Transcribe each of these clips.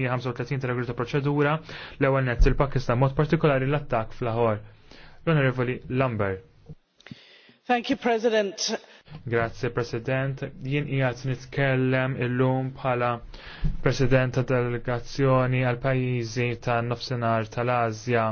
35 ta' regoli ta' proċedura l-ewwel nett il-Pakistan mod partikolari l-attakk fl ħor l Lambert. Thank you, President. Grazie President. Jien qiegħed nitkellem illum bħala President ta' delegazzjoni għal pajjiżi ta' nofsinhar tal-Asja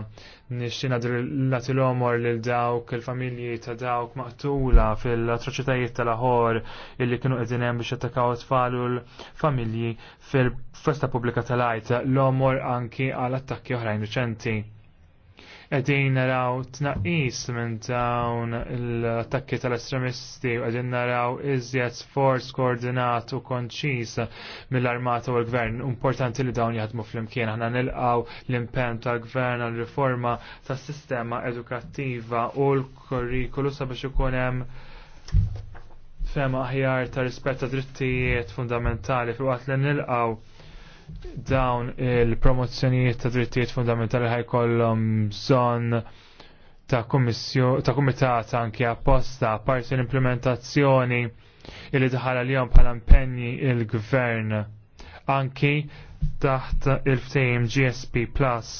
nixtina omor lil dawk il-familji ta' dawk maqtula fil-atroċitajiet tal-aħor illi kienu qegħdin hemm biex attakaw tfal l-familji fil-festa pubblika tal-ajt l-omor anki għal attakki oħrajn riċenti Qegħdin naraw tnaqqis minn dawn l-attakki tal-estremisti u qegħdin naraw iżjed sforz koordinat u konċis mill-armata u l-gvern. Importanti li dawn jaħdmu flimkien aħna nilqaw l-impenn tal-gvern għal riforma tas-sistema edukattiva u l-kurrikulu sabiex ikun hemm fema aħjar ta' rispett ta' drittijiet fundamentali fi waqt li nilqaw dawn il-promozzjonijiet ta' drittijiet fundamentali ħajkollhom bżonn ta' ta' kumitat anke apposta parti l-implementazzjoni illi daħal għal-jom bħala impenni il-gvern anki taħt il-ftejm GSP Plus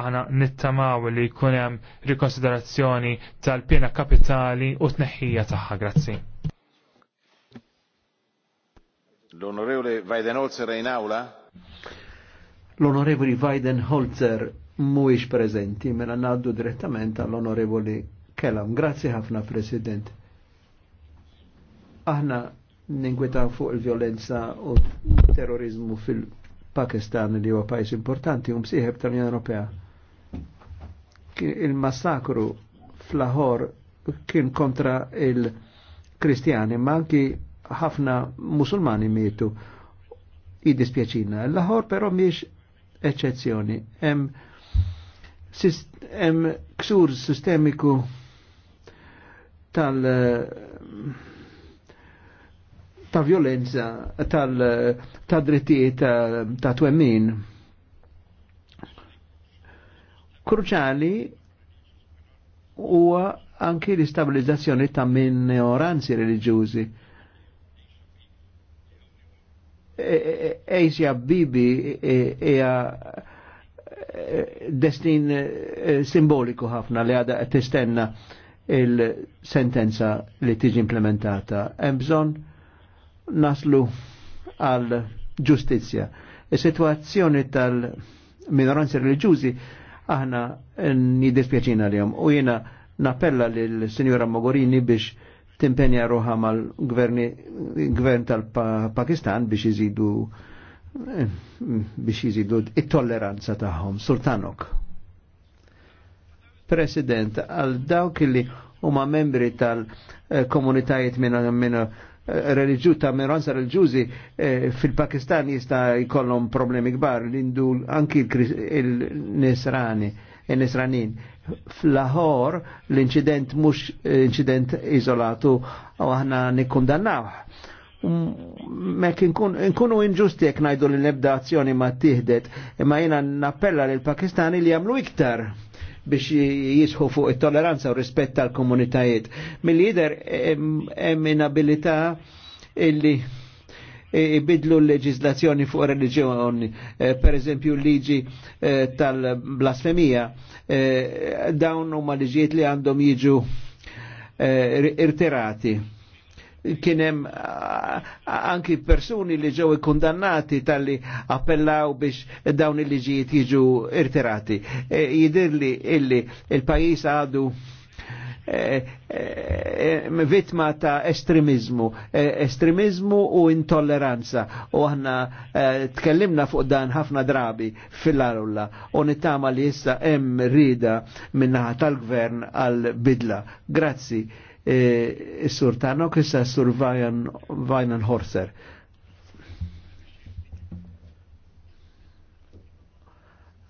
aħna nittamaw li hemm rikonsiderazzjoni tal-pjena kapitali u tneħħija taħħa grazzi. L-Onorevole Weidenholzer in aula? L-Onorevoli Weiden Holzer mhuwiex preżenti mela ngħaddu direttament għall-Onorevoli Kellam. Grazzi ħafna President. Aħna ninkwetaw fuq il-violenza u terrorizmu fil-Pakistan li huwa pajjiż importanti u msieħeb tal-Unjoni Ewropea. Il-massakru fl lahor kien kontra il-Kristjani, ma anki ħafna Musulmani mietu jiddispjaċina. l ħor però miex eccezzjoni. Hemm em ksur sistemiku tal ta' violenza tal ta' drittijiet ta', ta twemmin. Kruċali huwa anki l-istabilizzazzjoni ta' minoranzi reliġjużi Asia Bibi hija eh, destin eh, simboliku ħafna li għada tistenna il-sentenza li tiġi implementata. Hemm bżonn naslu għal ġustizzja. Is-sitwazzjoni tal-minoranzi reliġjużi aħna nidispjaċina li u jiena nappella lil senjora Mogorini biex timpenja ruħa mal-gvern tal-Pakistan biex jizidu eh, biex jizidu it-tolleranza taħħom, Sultanok. President, għal dawk li huma membri tal-komunitajiet minn minna eh, religju ta' minoranza religjużi eh, fil-Pakistan jista' jkollhom problemi kbar l indu anki l-Nisrani nisranin. Fl-ħor l-inċident mux incident izolatu u aħna nikkundannaw. Mek nkunu inġusti jek najdu li nebda azzjoni ma tihdet, imma jina nappella l pakistani li jamlu iktar biex jisħu fuq it-toleranza u rispett tal-komunitajiet. Mill-lider eminabilità illi E ibidlu l-leġizlazzjoni fuq reliġjoni, e, per eżempju l-liġi e, tal-blasfemija, dawn huma liġijiet li għandhom jiġu irterati kienem anki persuni li ġew kundannati tal-li appellaw biex dawn il-liġijiet jiġu irterati. Jidirli illi il-pajis għadu Eh, eh, eh, vittma ta' estremizmu, estremizmu u intolleranza. U għanna tkellimna fuq dan ħafna drabi fil-arulla u nittama li jissa hemm rida minnaħa tal-gvern għal-bidla. Grazzi, sur Tanok, issa sur Vajnan Horser.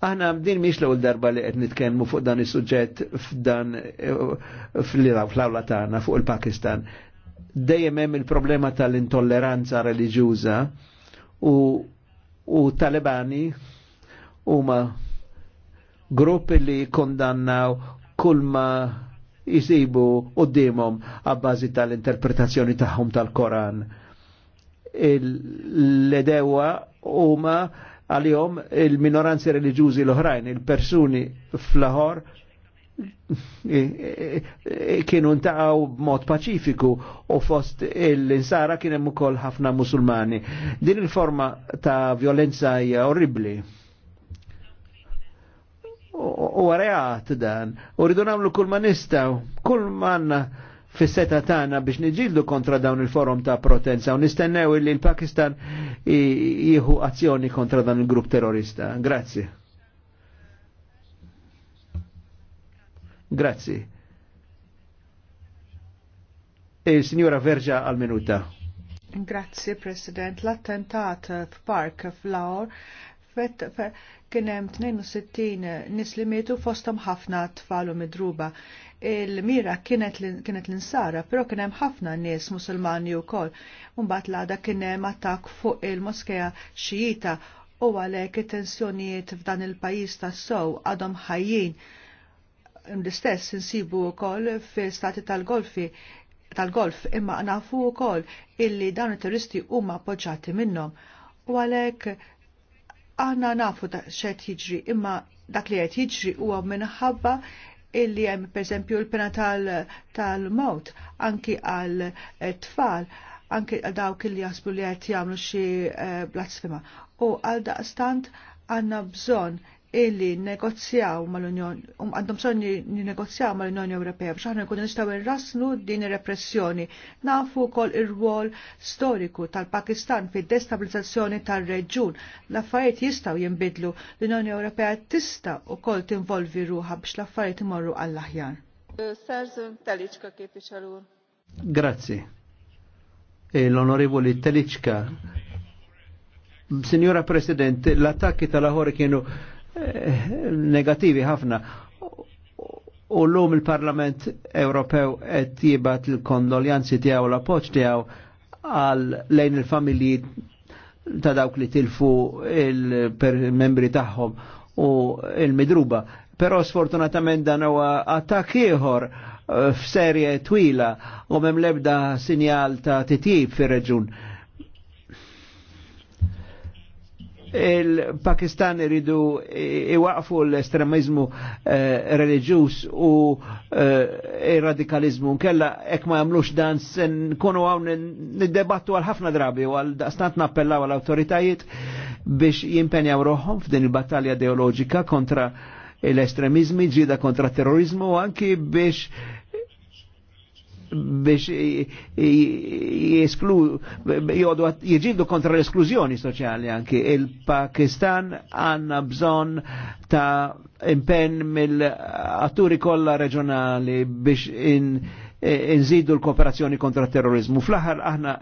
Aħna din miex l-ewwel darba li qed nitkellmu fuq dan is-suġġett f'dan fl-awla tagħna fuq il-Pakistan. Dejjem hemm il-problema tal-intolleranza reliġjuża u u talebani huma gruppi li kondannaw kull ma jisibu qoddimhom għabbażi tal-interpretazzjoni tagħhom tal-Koran. l-edewa huma għal-jom il-minoranzi religjużi l-oħrajn, il-persuni fl-ħor kienu ntaqaw b'mod paċifiku u fost il insara kien hemm ukoll ħafna musulmani. Din il-forma ta' violenza hija orribli. U għarajat dan, u ridunamlu kull ma kull manna fis-seta tagħna biex niġildu kontra dawn il-forum ta' protenza u nistennew li l-Pakistan jieħu azzjoni kontra dan il-grupp terrorista. Grazzi. Grazzi. Il-Sinjora e Verġa għal-minuta. Grazzi, President. L-attentat f'Park f'Lawr fett kienem 62 nislimietu fostom ħafna tfal u midruba il-mira kienet l-insara, pero kienem ħafna nies musulmani u kol. Umbat l-għada kienem attak fuq il-moskeja xijita u għalek it-tensjonijiet f'dan il-pajis ta' sow għadhom ħajjin. L-istess insibu u kol fil stati tal-golfi tal-golf imma nafu u kol illi dawn il-terroristi huma poġġati minnhom. U għalek aħna nafu xed jiġri imma dak li qed jiġri huwa minħabba illi hemm pereżempju l-pena tal-mot anki għal eh, tfal anki għal dawk illi jasbu li qed jagħmlu xi eh, blasfema. U għal daqstant għandna bżonn illi negozjaw mal-Unjoni, um għandhom bżonn negozjaw mal-Unjoni Ewropea biex aħna nkunu nistgħu nrasslu din ir-repressjoni. Nafu wkoll ir-rwol storiku tal-Pakistan fid-destabilizzazzjoni tar-reġjun. L-affarijiet jistgħu jinbidlu. L-Unjoni Ewropea tista' wkoll tinvolvi ruħha biex l-affarijiet imorru għall-aħjar. Grazzi. E l onorevoli Telicka. Signora Presidente, l attacchi tal-ħor kienu negativi ħafna. U l-lum il-Parlament Ewropew qed jibat il-kondoljanzi tiegħu l-appoġġ tiegħu għal lejn il-familji ta' dawk li tilfu il-membri tagħhom u il-midruba. Però sfortunatament dan huwa attakk ieħor eh, f'serje twila u mem lebda sinjal ta' titjib fir-reġun Il-Pakistan iridu iwaqfu l-estremizmu eh, religjus u eh, il-radikalizmu. Kella ek ma jamlux dan sen kunu għaw nid-debattu għal ħafna drabi u għal stant nappellaw għal autoritajiet biex jimpenjaw roħom f'din il-battalja ideologika kontra l-estremizmi, ġida kontra terrorizmu, anki biex biex jesklu, jodu jieġildu kontra l-esklużjoni soċjali anki. Il-Pakistan għanna bżon ta' impenn mill-atturi kollha reġjonali biex inżidu l-kooperazzjoni kontra terrorizmu. Fl-aħħar aħna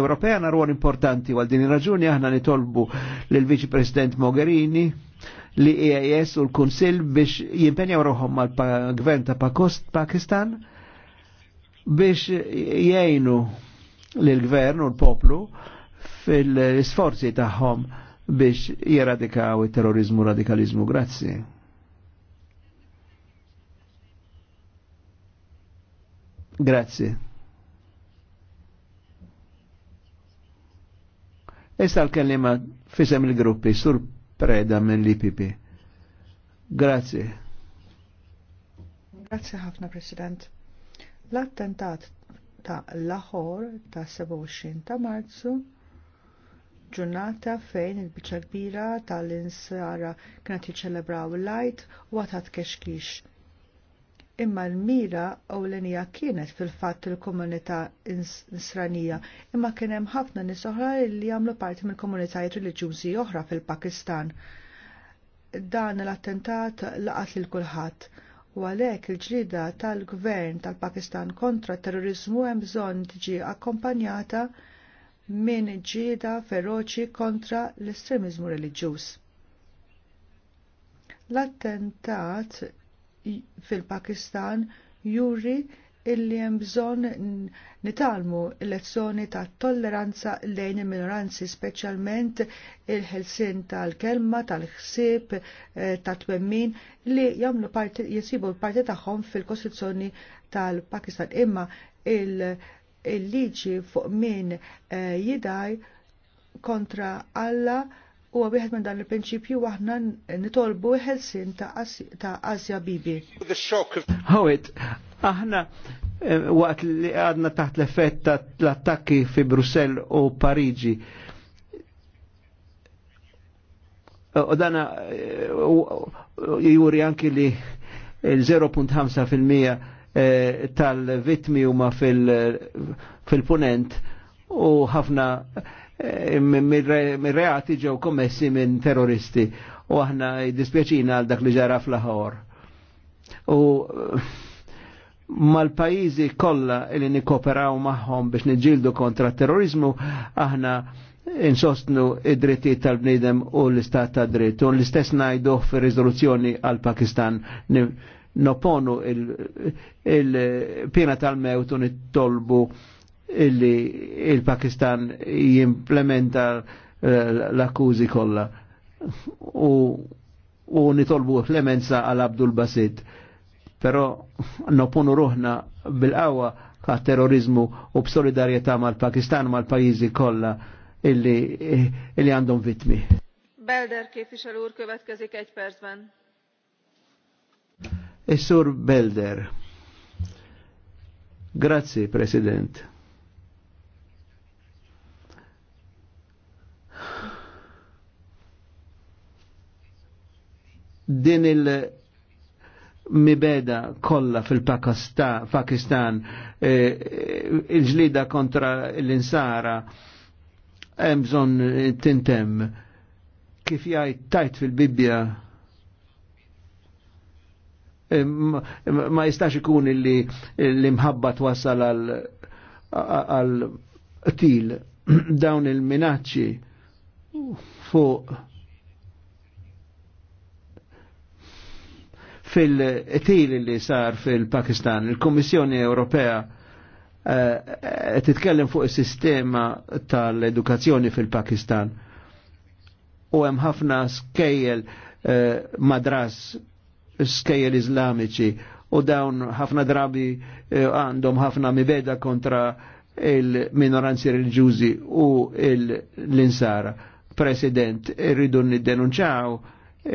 Ewropea għandna rwol importanti għal din ir-raġuni aħna nitolbu lil viċi President Mogherini li EIS u l kunsil biex jimpenjaw ruħhom mal-Gvern ta' Pakistan biex jgħinu l-gvern u l-poplu fil-sforzi tagħhom biex jiradikaw il-terrorizmu radikalizmu. Grazzi. Grazzi. Issa l-kellima fisem il-gruppi, sur preda minn l-IPP. Grazzi. Grazzi ħafna, President. L-attentat ta' Lahore ta' 27 ta' Marzu ġurnata fejn il-biċċa kbira tal-insara kienet jiċċelebraw l-lajt u għatat kexkix. Imma l-mira ewlenija kienet fil-fatt il-komunità Isranija, imma kien hemm ħafna nies oħra li jagħmlu parti mill komunitajiet reliġjużi oħra fil-Pakistan. Dan l-attentat laqat lil kulħadd u għalhekk il-ġlida tal-gvern tal-Pakistan kontra terrorizmu hemm bżonn tiġi akkompanjata minn ġieda feroċi kontra l-estremizmu reliġjuż. L-attentat fil-Pakistan juri illi hemm bżonn nitalmu lezzjoni ta' tolleranza lejn il-minoranzi, speċjalment il-ħelsin tal-kelma, tal-ħsieb, eh, ta' twemmin li jagħmlu parti jisibu parti tagħhom fil-Kostituzzjoni tal-Pakistan. Imma il-liġi fuq min eh, jidaj kontra Alla huwa wieħed minn dan il-prinċipju aħna nitolbu ħelsin ta' Asja Bibi. Hawit, aħna eh, waqt li għadna taħt l-effett ta' l attakki fi Brussell u Pariġi. Eh, u dana eh, juri anki li 05 tal-vitmi huma fil-punent u ħafna Eh, mir-reati ġew kommessi minn terroristi u aħna jiddispjaċina għal dak li ġara fl-ħor. U eh, mal-pajizi kollha li nikoperaw magħhom biex niġġieldu kontra terrorizmu aħna insostnu id-drittijiet tal-bnidem u l-istat ta' dritt. U l-istess ngħidu fir-riżoluzzjoni għal Pakistan nopponu il-pjena il, pjena tal mewt u nittolbu illi il-Pakistan jimplementa eh, l-akkużi kollha u, u nitolbu klemenza għal Abdul Basit. Però nopunu ruħna bil-qawwa ka' terrorizmu u b'solidarjetà mal-Pakistan mal-pajjiżi kollha illi, illi għandhom vitmi. Belder képviselő úr következik egy percben. Is-sur Belder. Grazie President. din il- mibeda kolla fil-Pakistan e, e, il-ġlida kontra l-insara emżon tintem kif jgħid tajt fil-Bibja e, ma jistax ikun illi l-imħabba twassal għal til dawn il-minacċi fuq fil etili li sar fil-Pakistan. Il-Kommissjoni Ewropea eh, titkellem fuq is-sistema tal-edukazzjoni fil-Pakistan. U hemm ħafna skejjel eh, madras skejjel iżlamiċi u dawn ħafna drabi eh, għandhom ħafna mibeda kontra il-minoranzi reliġjużi u l-insara. President, irridu niddenunċaw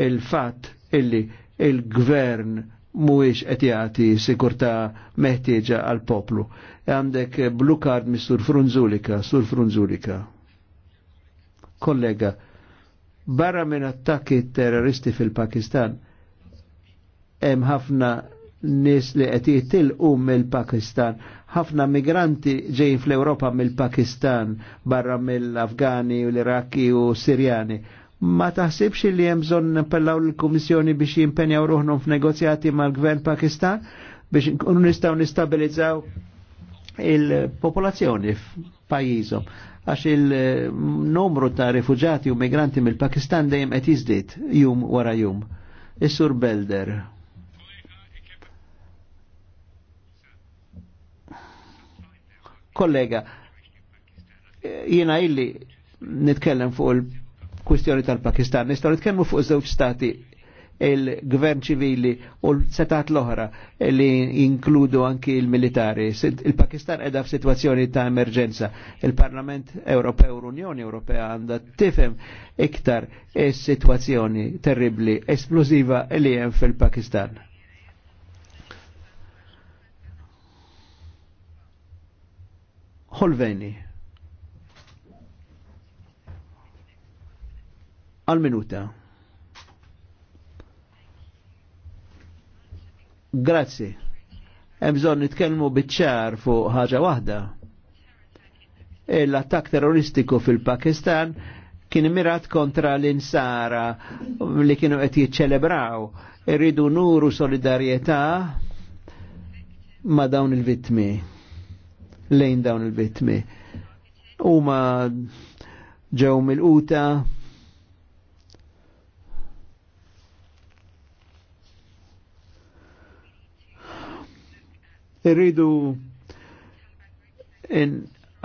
il-fat illi il-gvern mhuwiex qed jagħti sikurtà meħtieġa għal poplu. Għandek blue card sur Frunzulika, Sur Frunzulika. Kollega, barra minn attakki terroristi fil-Pakistan, hemm ħafna nis li qed jitilqu mill-Pakistan. Ħafna migranti ġejjin fl-Ewropa mill-Pakistan barra mill-Afgani u l-Iraki u Sirjani ma taħsibx li hemm bżonn nappellaw l-Kummissjoni biex jimpenjaw ruħnhom f'negozjati mal-Gvern Pakistan biex nkunu nistgħu nistabilizzaw il-popolazzjoni f'pajjiżhom għax il-numru ta' rifuġati u migranti mill-Pakistan dejjem qed jiżdied jum wara jum. Is-Sur Belder. Kollega, jiena illi nitkellem fuq il kwistjoni tal-Pakistan. Nistgħu nitkellmu fuq żewġ stati il-gvern ċivili u l-setat l-oħra li inkludu anki il-militari. Il-Pakistan edha f-situazzjoni ta' emerġenza. Il-Parlament Ewropew u Unjoni Ewropea għanda tifem iktar il situazzjoni terribli, esplosiva li jem fil-Pakistan. Holveni. għal minuta. Grazzi. Hemm bżonn nitkellmu biċ-ċar fuq ħaġa waħda. L-attak terroristiku fil-Pakistan kien mirat kontra l-insara li kienu qed jiċċelebraw. Irridu nuru solidarjetà ma dawn il-vittmi. Lejn dawn il-vittmi. Huma ġew mill-quta irridu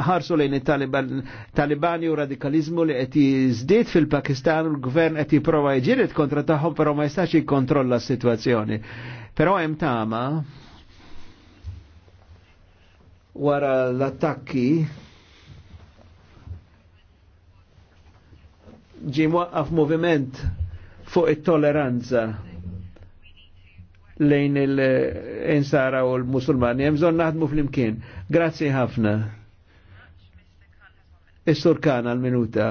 ħarsu lejn il-Talibani u radikalizmu li qed jiżdied fil-Pakistan u l-gvern qed jipprova jġiri kontra tagħhom però ma jistax jikkontrolla s-sitwazzjoni. Però hemm tama wara l-attakki ġi waqqaf moviment fuq it-toleranza lejn il-insara u l-musulmani. Jemżon naħdmu fl-imkien. Grazzi ħafna. Is-sur kana minuta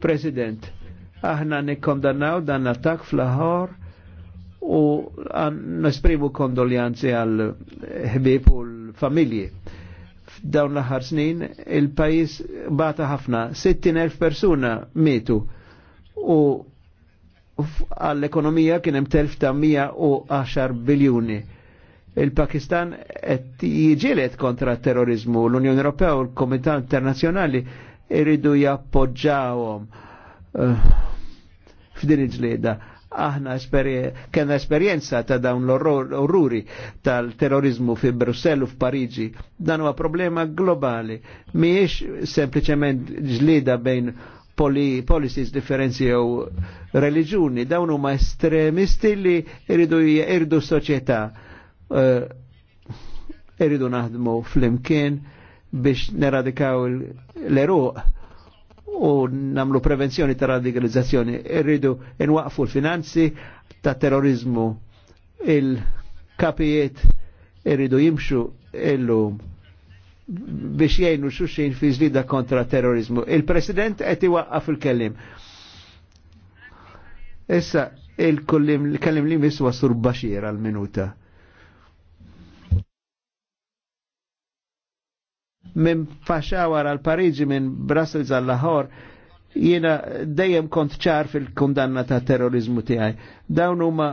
President, aħna nikkondannaw dan l attak fl-ħor u nesprimu kondoljanzi għal ħbib u l-familji. Dawn l-ħar snin il-pajis bata ħafna, 60.000 persuna mitu u għall-ekonomija kien hemm telf ta' biljuni. Il-Pakistan qed jiġilet kontra terrorizmu l-Unjoni Ewropea u l-Komitat Internazzjonali iridu jappoġġawhom uh, f'din il-ġlieda. Aħna kena esperjenza ta' dawn l-orruri tal-terrorizmu fi Brussell u f'Pariġi. Dan huwa problema globali, mhijiex sempliċement ġlieda bejn poli, policies differenzi jew reliġuni, dawn huma estremisti li iridu jirdu soċjetà. Uh, iridu naħdmu flimkien biex neradikaw l-eruq u namlu prevenzjoni ta' radikalizzazzjoni. Irridu nwaqfu l-finanzi ta' terrorizmu il-kapijiet irridu jimxu illum biex jgħinu xuxin fi zlida kontra terrorizmu. Il-President qed iwaqqaf il-kellim. Issa il-kellim li miswa sur Bashir għal-minuta. Min faxawar għal Pariġi minn Brussels għal lahor jiena dejjem kont ċar fil-kundanna ta' terrorizmu tiegħi. Dawn huma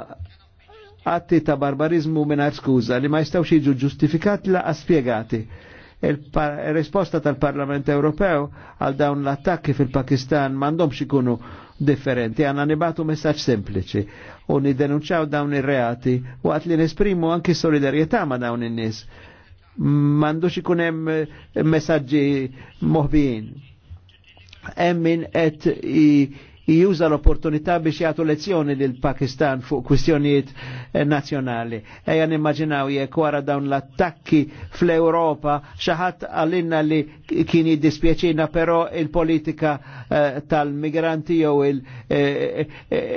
atti ta' barbarizmu minn skuża li ma jistgħux jiġu ġustifikati la' spiegati. Il-risposta tal-Parlament Ewropew għal dawn l-attakki fil-Pakistan mandomx ikunu differenti, għanna nibatu messaċ sempliċi u nidenunċaw dawn il reati u għat li nesprimu anki solidarietà ma dawn il-nis. Mandu xikunem hemm eh, messaġġi moħbijin. Hemm min qed juża l-opportunità biex jagħtu lezzjoni lil Pakistan fuq kwistjonijiet eh, nazzjonali. Ejja nimmaġinaw jekk wara dawn l-attakki fl-Ewropa xi ħadd għalinna li kien jiddispjaċina però il-politika eh, tal-migranti jew eh,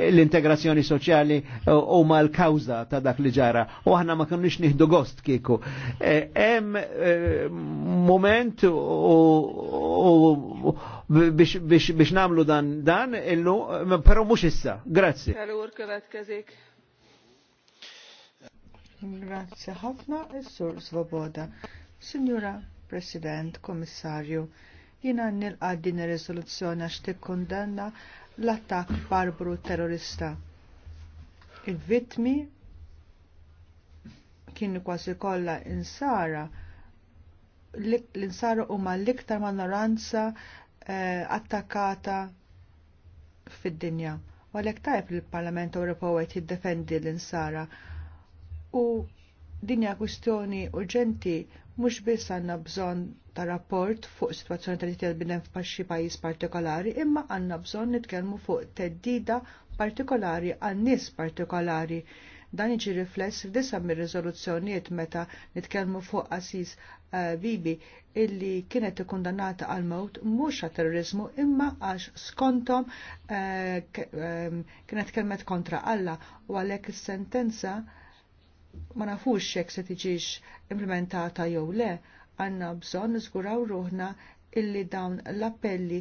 l-integrazzjoni soċjali huma l-kawża ta' dak li ġara. U aħna ma kienux nieħdu gost kieku. Hemm moment u biex namlu dan dan illu, pero mux issa. Grazzi. Grazzi ħafna, il sur Svoboda. Signora President, Komissarju, jina nil din ir-riżoluzzjoni għax tikkundanna l-attakk barbaru terrorista. Il-vittmi kienu kważi kollha insara l-insara huma l-iktar manoranza eh, attakata fid-dinja. U għalhekk tajb li l-Parlament Ewropew qed jiddefendi l-insara. U dinja kwistjoni urġenti mhux biss għandna bżonn ta' rapport fuq sitwazzjoni ta' tal bidem f'paxxi pajjiż partikolari, imma għandna bżonn nitkellmu fuq teddida partikolari għan nies partikolari Dan iġi rifless f'disa mir-riżoluzzjonijiet meta nitkellmu fuq Asis eh, Bibi illi kienet ikkundannata għal mewt mhux għat terrorizmu imma għax skontom eh, ehm, kienet kelmet kontra Alla u għalhekk is-sentenza ma nafux jekk se tiġix implementata jew le għandna bżonn niżguraw ruħna illi dawn l-appelli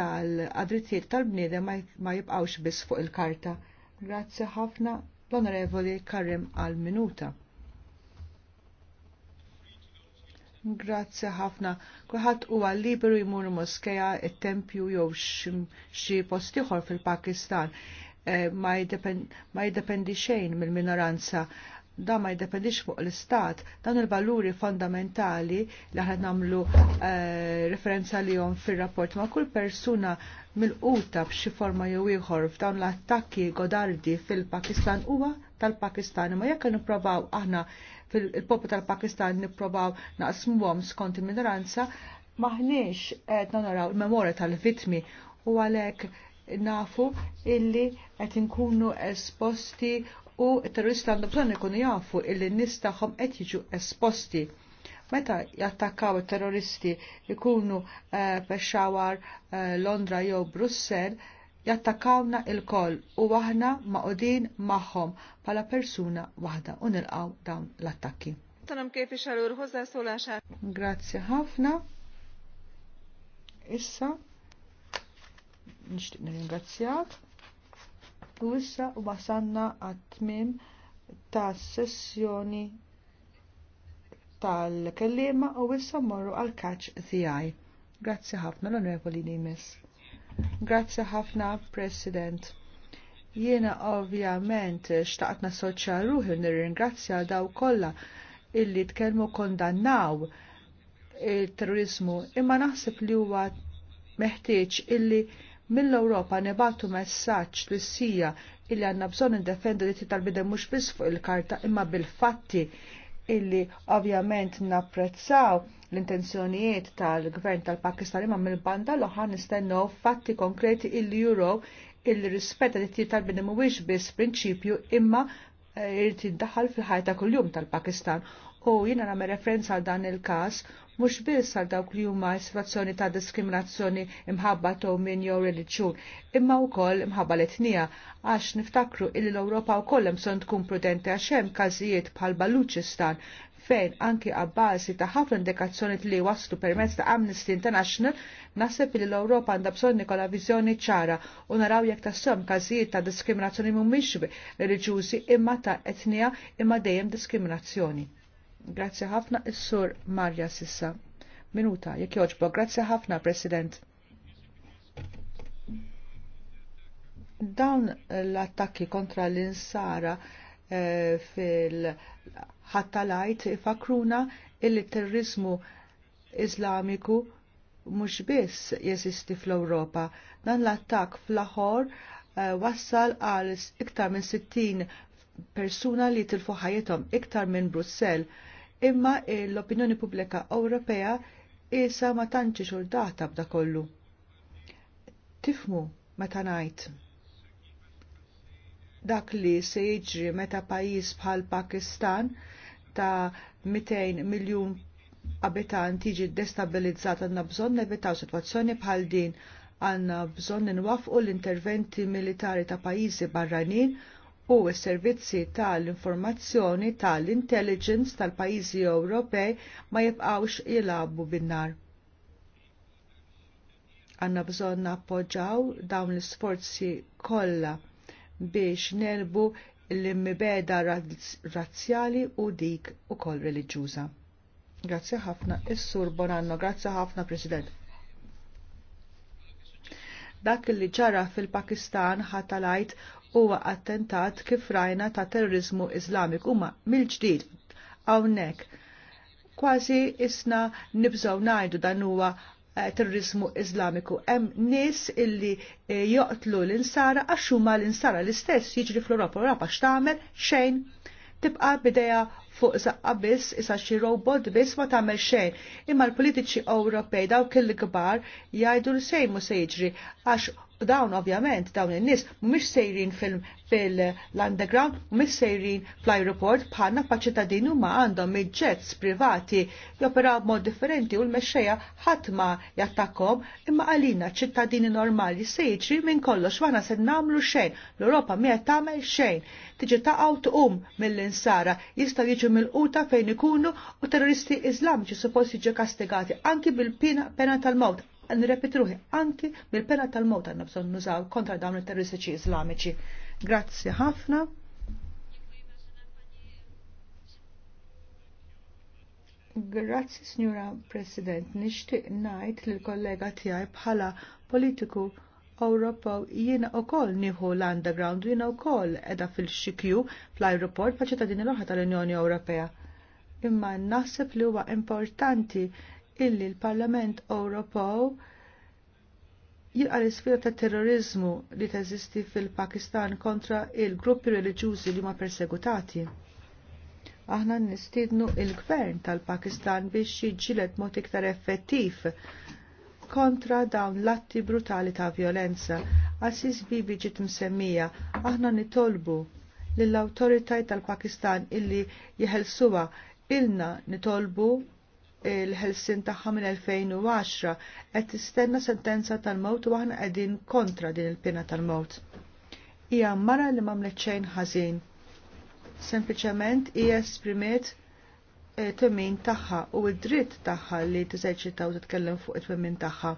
tal-adrittijiet tal-bniedem ma jibqawx biss fuq il-karta. Grazzi ħafna l-Onorevoli Karim għal minuta. Grazzi ħafna. Kulħadd huwa liberu jmur moskeja, it-tempju jew xi post ieħor fil-Pakistan. Eh, ma jiddependi xejn mill-minoranza da ma jdependix fuq l-istat, dan il-valuri fondamentali li aħna namlu eh, referenza li jom fil-rapport ma' kull persuna mil quta b'xi forma jew ieħor f'dawn l-attakki godardi fil-Pakistan huwa tal-Pakistan. Ma jekk nipprovaw aħna fil popu tal-Pakistan nipprovaw naqsmuhom skont il-minoranza, maħniex qed naraw il-memorja tal-vitmi u għalhekk nafu illi qed inkunu esposti u terroristi għandhom bżonn ikunu jafu illi n-nies tagħhom qed jiġu esposti. Meta jattakkaw terroristi ikunu uh, Londra jew Brussel, jattakkawna il-koll u aħna maqdin magħhom bħala persuna waħda u nilqaw dawn l-attakki. Tanam kif ixalur, hozzászólását. Grazie ħafna. Issa nixtieq nirringrazzjak. U issa wasanna għat-tmim ta' sessjoni tal-kellima u issa morru għal kaċ tiegħi. Grazzi ħafna l-Onorevoli Nimes. Grazzi ħafna President. Jiena ovvjament xtaqt nassoċja ruħi nirringrazzja daw kollha illi tkellmu kondannaw il-terrorizmu imma naħseb li huwa meħtieġ illi mill-Ewropa nebatu messaġġ li sija illi għanna bżon indefendu li tal-bidem mux bis fuq il-karta imma bil-fatti illi ovvjament napprezzaw l-intenzjonijiet tal-gvern tal-Pakistan imma mill-banda l-oħan nistennu fatti konkreti illi juro illi rispetta li tal-bidem mux bis prinċipju imma eh, irrid daħal fil-ħajta kuljum tal-Pakistan u jina namme referenza għal dan il-kas mux biss għal dawk li huma situazzjoni ta' diskriminazzjoni imħabba to minn jew reliġjun, imma wkoll imħabba l-etnija għax niftakru illi l-Ewropa wkoll hemm son tkun prudenti għax hemm każijiet bħal Baluċistan fejn anki għabbażi ta' ħafna indikazzjoni li waslu permezz ta' Amnesty International, naħseb li l-Ewropa għandha bżonn nikola viżjoni ċara u naraw jekk tassom każijiet ta' diskriminazzjoni mhumiex reliġjużi imma ta' etnija imma dejjem diskriminazzjoni. Grazzi ħafna is-sur Marja sissa. Minuta, jekk joġbo. Grazzi ħafna, President. Dawn l-attakki kontra l-insara eh, fil-ħattalajt fakruna il-terrorizmu islamiku mhux biss jeżisti fl-Ewropa. Dan l-attak fl ħor eh, wassal għal iktar minn 60 persuna li tilfu ħajjithom iktar minn Brussell imma l-opinjoni pubblika Ewropea isa ma tantx data b'da kollu. Tifmu meta ngħid dak li se jiġri meta pajjiż bħal Pakistan ta' 200 miljun abitant tiġi destabilizzat għandna bżonn nevitaw sitwazzjoni bħal din għandna bżonn nwafqu l-interventi militari ta' pajjiżi barranin u s-servizzi tal-informazzjoni tal-intelligence tal-pajjiżi Ewropej ma jibqawx jilabu bin-nar. Għanna bżonn appoġġaw dawn l-sforzi kollha biex nerbu l mibeda razzjali u dik u kol reliġjuża. Grazzi ħafna, Is-Sur Bonanno, grazzi ħafna, President. Dak li ġara fil-Pakistan ħatalajt huwa attentat kif rajna ta' terrorizmu Iżlamik huma mill-ġdid hawnhekk. Kważi isna nibżgħu ngħidu dan huwa eh, terrorizmu Iżlamiku. Hemm nies illi eh, joqtlu l-insara għax huma l-insara l-istess jiġri fl-Ewropa. Europa x'tagħmel xejn tibqa' bidejja fuq saqqa biss isa xi robot biss ma tagħmel xejn. Imma l-politiċi Ewropej dawk il-kbar jgħidu l sejmu mu se jiġri għax dawn ovvjament dawn in-nies mhumiex sejrin fil-underground, mhumiex sejrin fl-ajruport bħalna pa' ċittadini huma għandhom il-ġets privati joperaw b'mod differenti u l-mexxejja ħadd ma jattakom imma għalina ċittadini normali se jiġri minn kollox wana se nagħmlu xejn. L-Ewropa mija tagħmel xejn. Tiġi taqgħu tqum mill-insara jistgħu jiġu jiġu mill-quta fejn ikunu u terroristi iżlamiċi suppost jiġu kastigati anki bil-pena tal-mawt. ruħi, anki bil-pena tal-mawt għanna bżon nużaw kontra dawn il-terroristiċi islamiċi. Grazzi ħafna. Grazzi, Signora President, nixtieq ngħid lill kollega tiegħi bħala politiku Ewropew jiena wkoll nieħu l-underground jiena wkoll qiegħda fil-xikju fl-ajruport pa' ċittadini l-oħra tal-Unjoni Ewropea. Imma naħseb li huwa importanti illi l-Parlament Ewropew jilqa l-isfida ta' terrorizmu li teżisti fil-Pakistan kontra il-gruppi reliġjużi li ma persegutati. Aħna nistidnu il-gvern tal-Pakistan biex jiġilet mod iktar effettiv kontra dawn l-atti brutali ta' violenza. għasis Bibi ġiet msemmija, aħna nitolbu lill-awtoritaj tal-Pakistan illi jeħelsuwa ilna nitolbu il-ħelsin tagħha minn 2010 qed tistenna sentenza tal-mewt u aħna qegħdin kontra din il-pena tal-mewt. Hija mara li m'għamlet xejn ħażin. Sempliċement hija esprimiet it-tmin eh, tagħha u d-dritt tagħha li teżerċita u titkellem fuq it-tmin tagħha.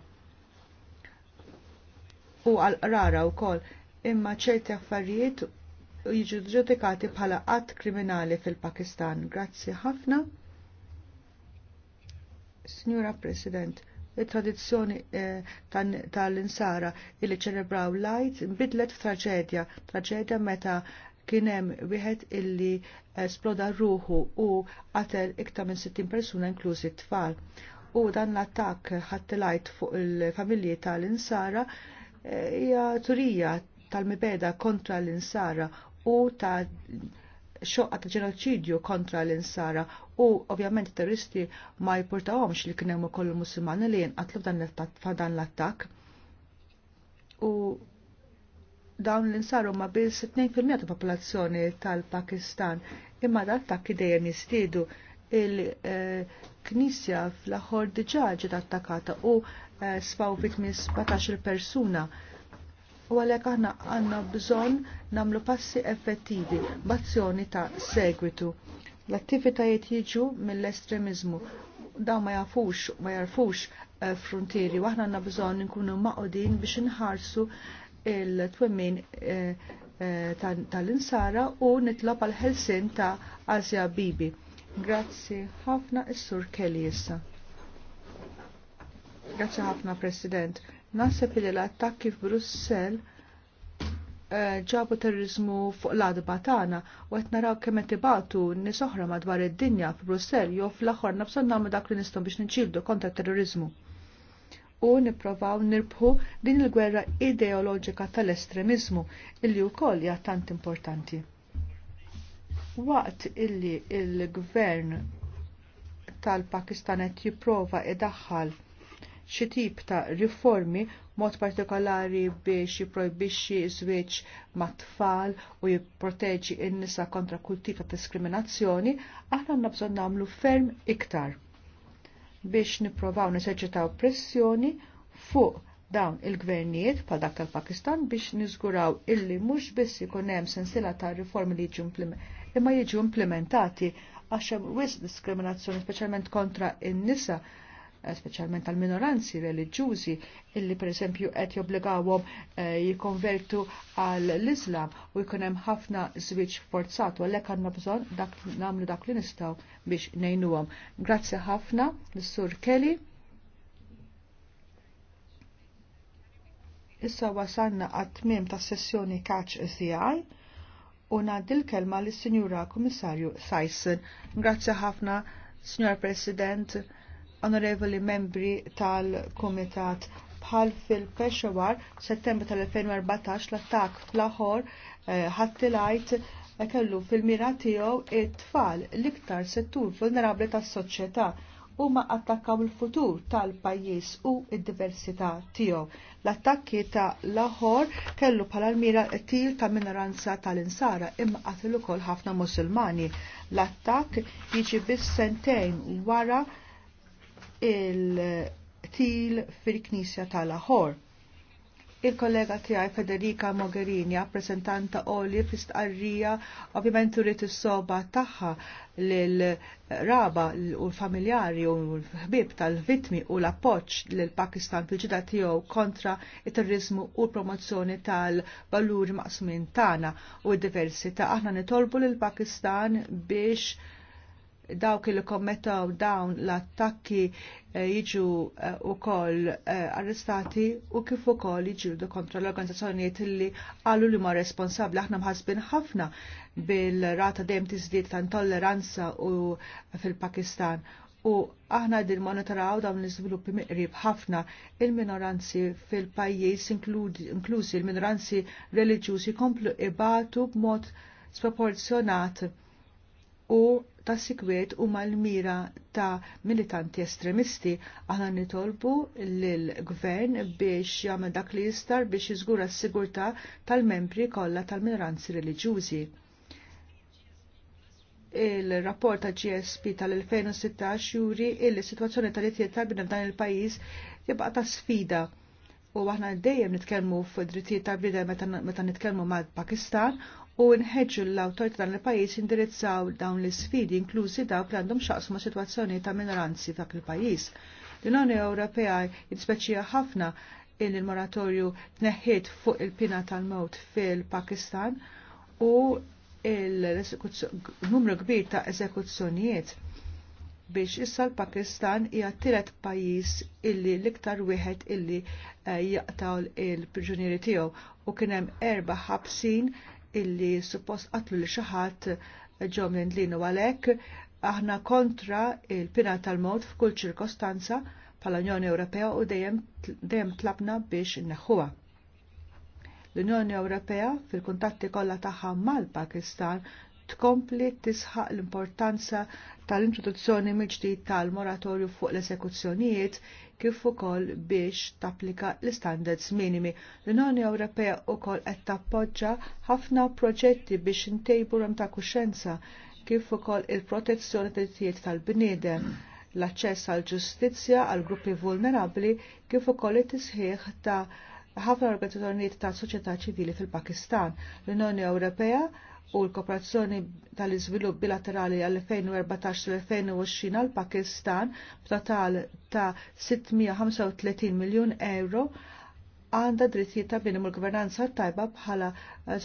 U għal-qrara wkoll imma ċerti affarijiet jiġu ġudikati bħala qatt kriminali fil-Pakistan. Grazzi ħafna. Signora President, il-tradizzjoni eh, tal-insara il ċelebraw lajt bidlet f'traġedja, traġedja meta kien hemm wieħed illi sploda ruħu u qatel iktar minn 60 persuna inklużi tfal. U dan l-attak ħattilajt fuq il-familji tal-insara eh, hija turija tal-mibeda kontra l-insara u ta' xoqqa ta' ġenoċidju kontra l-insara u ovvjament terroristi ma jportawhomx li kien hemm ukoll muslimani li jinqatlu f'dan l-attakk. U dawn l-insaru ma bil 2% ta' popolazzjoni tal-Pakistan imma l-attakki dejjem jistidu il-knisja fl-aħħor diġà ġiet attakata u eh, spaw vitmi 17 persuna u għalhekk aħna għandna bżonn nagħmlu passi effettivi b'azzjoni ta' segwitu. L-attivitajiet jiġu mill-estremizmu daw ma jafux, ma jarfux eh, frontieri, waħna għanna bżon nkunu maqodin biex nħarsu il-twemmin eh, eh, tal-insara u nitlob għal ħelsin ta' Asja Bibi. Grazzi ħafna is-Sur Kelly issa. Grazzi ħafna President. Naseb li l-attakki f'Brussell eh, ġabu terrorizmu fuq l-adba tagħna u qed naraw kemm qed ibatu nies oħra madwar id-dinja f'Brussell jew fl-aħħar nabson nagħmlu dak li nistgħu biex niġġieldu kontra terrorizmu u nipprovaw nirbħu din il-gwerra ideoloġika tal-estremizmu illi wkoll hija tant importanti. Waqt illi il-gvern tal-Pakistan qed jipprova idaħħal xi tip ta' riformi mod partikolari biex jipprojbixxi żwieġ mat-tfal u jipproteġi n-nisa kontra kull tip ta' diskriminazzjoni, aħna nabżon nagħmlu ferm iktar biex nipprovaw neseċitaw pressjoni fuq dawn il-gvernijiet pal dak tal-Pakistan biex niżguraw illi mhux biss ikun hemm sensila ta' riformi li jiġu imma jiġu implementati għax hemm wisq diskriminazzjoni speċjalment kontra in-nisa speċjalment tal-minoranzi reliġjużi illi pereżempju qed jobbligawhom eh, jikkonvertu għal l-Islam u jkun hemm ħafna żwieġ forzat u għalhekk għandna bżonn dak nagħmlu dak li nistgħu biex ngħinuhom. Grazzi ħafna lis-Sur Kelly. Issa wasanna għat-tmiem tas-sessjoni Catch CI u ngħaddi l-kelma l-Sinjura Komissarju Sajsen. Grazzi ħafna, Signor President onorevoli membri tal-Komitat bħal fil-Peshawar settembru tal-2014 l-attak fl-aħor eh, ħattilajt eh, kellu fil-mira tiegħu it-tfal l-iktar settur vulnerabbli tas-soċjetà huma attakkaw il-futur tal-pajjiż u id-diversità tiegħu. L-attakki ta' Laħor kellu bħala l-mira til ta' minoranza tal-insara imma qatil ukoll ħafna Musulmani. L-attakk jiġi bis sentejn wara il-til fil-Knisja tal-Ahor. Il-kollega tiegħi Federica Mogherini, rappresentanta Oli fl-istqarrija, ovvjament turid is-soba tagħha lill raba u l-familjari u l-ħbib tal-vitmi u l-appoġġ lill Pakistan fil-ġida tiegħu kontra it-terrorizmu u l-promozzjoni tal-valuri maqsmin tagħna u d-diversità. Aħna nitolbu lill Pakistan biex dawk li kommettaw dawn l-attakki eh, jiġu eh, u koll eh, arrestati u kif u koll jiġu kontra l-organizzazzjonijiet li għallu li ma responsabli aħna mħasbin ħafna bil-rata dem tizdiet ta' intolleranza u fil-Pakistan u aħna din monitoraw dawn l-iżviluppi miqrib ħafna il-minoranzi fil-pajjiż inklużi il-minoranzi reliġjużi komplu ibatu b'mod sproporzjonat u ta' sikwiet u mal-mira ta' militanti estremisti aħna nitolbu l-gvern biex jagħmel dak li jistar biex jiżgura s-sigurtà tal-membri kollha tal-minoranzi reliġjużi. Il-rapport ta' GSP tal-2016 juri il-situazzjoni tal-ittijiet tal-bina f'dan il-pajjiż jibqa' ta' sfida u aħna dejjem nitkellmu f'drittijiet tal bidel meta nitkellmu mal-Pakistan u nħedġu l-autorità dan il-pajis indirizzaw dawn l-sfidi inklużi dawk li għandhom ma' situazzjoni ta' minoranzi dak il-pajis. L-Unjoni Ewropea jitspeċija ħafna il moratorju tneħħiet fuq il-pina tal-mewt fil-Pakistan u il-numru kbir ta' eżekuzzjonijiet biex issa l-Pakistan hija tielet pajjiż illi l-iktar wieħed illi eh, jaqtaw il-priġunieri tiegħu u kien hemm erba' ħabsin illi suppost qatlu li xaħat ġom minn linu għalek, aħna kontra il-pina tal-mod f'kull ċirkostanza bħala Unjoni Ewropea u dejjem tlabna biex neħħuha. L-Unjoni Ewropea fil-kuntatti kollha tagħha mal-Pakistan tkompli tisħaq l-importanza tal-introduzzjoni mill tal-moratorju fuq l-esekuzzjonijiet kif ukoll biex tapplika l-standards minimi. L-Unjoni Ewropea wkoll qed tappoġġa ħafna proġetti biex intejbu ram ta' kuxenza kif ukoll il-protezzjoni tal drittijiet tal-bniedem l-aċċess għal ġustizzja għal gruppi vulnerabbli kif ukoll it-tisħiħ ta' ħafna organizzazzjonijiet ta' soċjetà ċivili fil-Pakistan. L-Unjoni Ewropea u l-kooperazzjoni tal-iżvilupp bilaterali għal-2014-2020 għal-Pakistan b'total ta' 635 miljun euro għanda drittijiet ta' bini il gvernanza tajba bħala eh,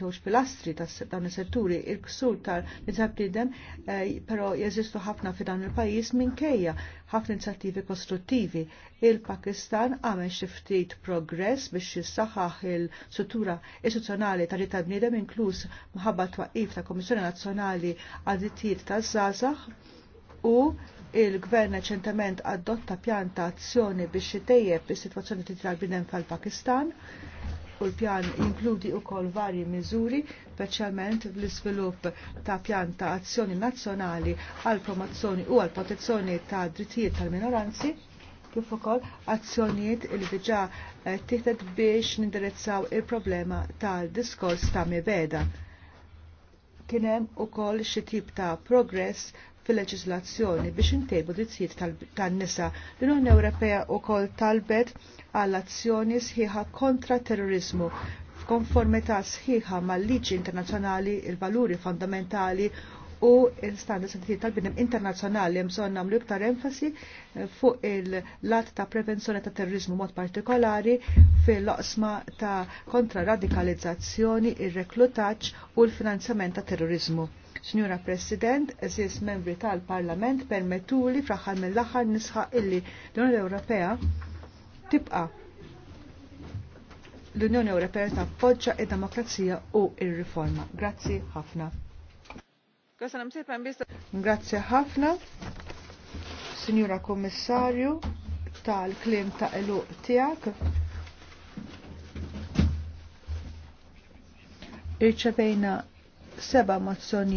żewġ pilastri ta' dawn is-setturi, il-ksur tal-nizab bidem, eh, però jeżistu ħafna fi dan il-pajjiż minkejja ħafna inizjattivi kostruttivi. Il-Pakistan għamel xi ftit progress biex jissaħħaħ il-struttura istituzzjonali ta' ta' bniedem inkluż mħabba twaqif ta' Komissjoni Nazzjonali għad-Dittijiet taż-Żgħażagħ u il-gvern reċentement adotta pjan ta' azzjoni biex jitejjeb is-sitwazzjoni titral bidem pakistan u l-pjan inkludi wkoll varji miżuri, speċjalment l-iżvilupp ta' pjan ta' azzjoni nazzjonali għal promozzjoni u għal protezzjoni ta' drittijiet tal-minoranzi kif ukoll azzjonijiet il diġà eh, tieħed biex nindirizzaw il-problema tal-diskors ta' mibeda kien hemm ukoll xi tip ta' progress fil-leġislazzjoni biex intejbu dizzijiet tan-nisa. L-Unjoni Ewropea wkoll talbet għall azzjoni sħiħa kontra terrorizmu f'konformità sħiħa mal-liġi internazzjonali, il-valuri fondamentali u l standards għaddiet tal internazjonali internazzjonali mżon namlu iktar enfasi eh, fuq il-lat ta' prevenzjoni ta' terrorizmu mod partikolari fil-loqsma ta' kontraradikalizzazzjoni, il reklutaċ u l-finanzjament ta' terrorizmu. Signora President, eżis membri tal-Parlament permettuli fraħħal mill-aħħar nisħaq illi l-Unjoni Ewropea tibqa l-Unjoni Ewropea tappoġġa id-demokrazija u il riforma Grazzi ħafna. Grazie ħafna, Signora Kommissarju, tal-klim ta' eluq tijak. Irċevejna seba mozzjoni